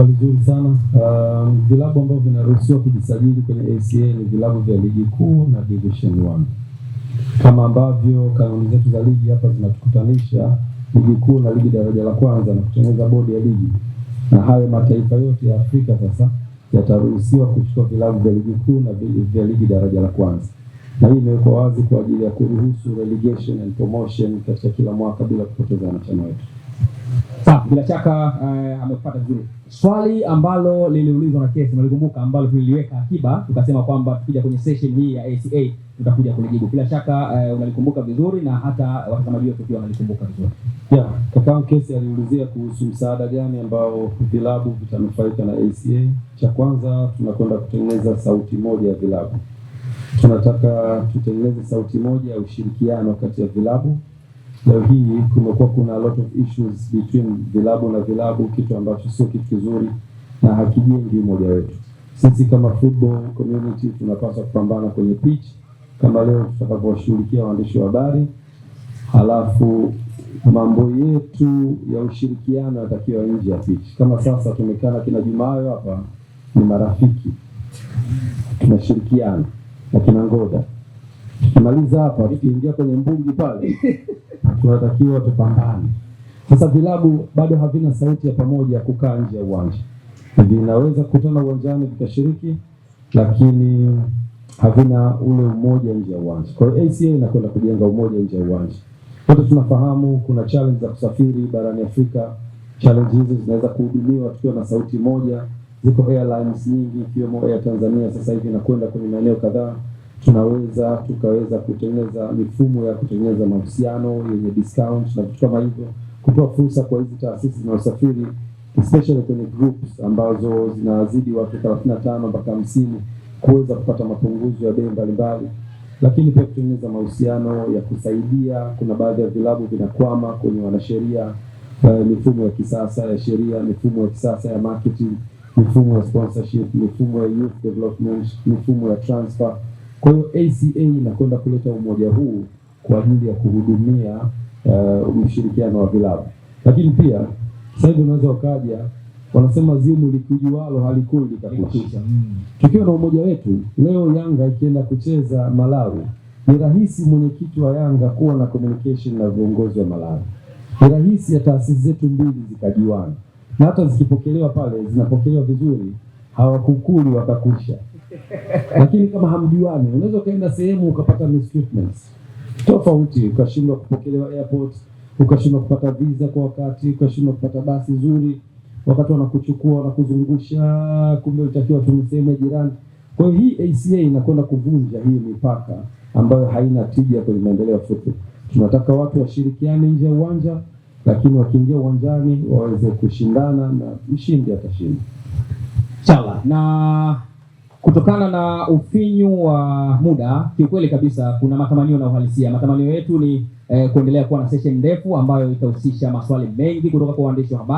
Swali zuri sana. Ehm, vilabu ambavyo vinaruhusiwa kujisajili kwenye ACA ni vilabu vya ligi kuu na division 1, kama ambavyo kanuni zetu za ligi hapa zinatukutanisha ligi kuu na ligi daraja la kwanza na kutengeneza bodi ya ligi, na hayo mataifa yote ya Afrika sasa yataruhusiwa kuchukua vilabu vya ligi kuu na vya ligi daraja la kwanza, na hii imewekwa wazi kwa ajili ya kuruhusu relegation and promotion katika kila mwaka bila kupoteza wanachama wetu. Sawa, bila shaka uh, amepata vizuri. Swali ambalo liliulizwa na Kesi nalikumbuka ambalo tuliliweka akiba tukasema kwamba tukija kwenye session hii ya ACA tutakuja kulijibu. Bila shaka uh, unalikumbuka vizuri na hata watazamaji wetu pia wanalikumbuka vizuri. Yeah, kakaangu Kesi aliulizia kuhusu msaada gani ambao vilabu vitanufaika na ACA. Cha kwanza tunakwenda kutengeneza sauti moja ya vilabu. Tunataka tutengeneze sauti moja ya ushirikiano kati ya vilabu Leo hii kumekuwa kuna lot of issues between vilabu na vilabu, kitu ambacho sio kitu kizuri na hakijengi umoja wetu. Sisi kama football community tunapaswa kupambana kwenye pitch kama leo tutakavyowashughulikia waandishi wa habari, halafu mambo yetu ya ushirikiano yatakiwa nje ya pitch. Kama sasa tumekaa na kina Jumayo hapa, ni marafiki, tunashirikiana na kina Ngoda. Tukimaliza hapa, tukiingia kwenye mbungi pale tunatakiwa tupambane. Sasa vilabu bado havina sauti ya pamoja ya kukaa nje ya uwanja, vinaweza kukutana uwanjani vikashiriki, lakini havina ule umoja nje ya uwanja. Kwa hiyo ACA inakwenda kujenga umoja nje ya uwanja. Wote tunafahamu kuna challenge za kusafiri barani Afrika. Challenge hizi zinaweza kuhudumiwa tukiwa na sauti moja. Ziko airlines nyingi ikiwemo Air Tanzania sasa hivi inakwenda kwenye maeneo kadhaa tunaweza tukaweza kutengeneza mifumo ya kutengeneza mahusiano yenye discount na vitu kama hivyo, kutoa fursa kwa hizi taasisi zinazosafiri especially kwenye groups ambazo zinazidi watu 35 mpaka 50 kuweza kupata mapunguzo ya bei mbalimbali, lakini pia kutengeneza mahusiano ya kusaidia. Kuna baadhi ya vilabu vinakwama kwenye wanasheria, uh, mifumo ya kisasa ya sheria, mifumo ya kisasa ya marketing, mifumo ya sponsorship, mifumo ya youth development, mifumo ya transfer kwa hiyo ACA inakwenda kuleta umoja huu kwa ajili ya kuhudumia uh, ushirikiano wa vilabu, lakini pia sasa hivi unaweza ukaja wanasema zimu likujualo halikuu likakutisha. Mm. Tukiwa na umoja wetu, leo Yanga ikienda kucheza Malawi, ni rahisi mwenyekiti wa Yanga kuwa na communication na viongozi wa Malawi, ni rahisi ya taasisi zetu mbili zikajuana, na hata zikipokelewa pale zinapokelewa vizuri, hawakukuli wakakusha lakini kama hamjuani, unaweza ukaenda sehemu ukapata mistreatments tofauti, ukashindwa kupokelewa airport, ukashindwa kupata visa kwa wakati, ukashindwa kupata basi nzuri, wakati wanakuchukua wanakuzungusha, kumbe ulitakiwa tu sehemu ya jirani. Kwa hiyo hii ACA inakwenda kuvunja hii mipaka ambayo haina tija kwenye maendeleo ya Tunataka watu washirikiane nje ya uwanja, lakini wakiingia uwanjani waweze kushindana na mshindi atashinda. Sawa na Kutokana na ufinyu wa muda, kiukweli kabisa kuna matamanio na uhalisia. Matamanio yetu ni eh, kuendelea kuwa na session ndefu ambayo itahusisha maswali mengi kutoka kwa waandishi wa habari.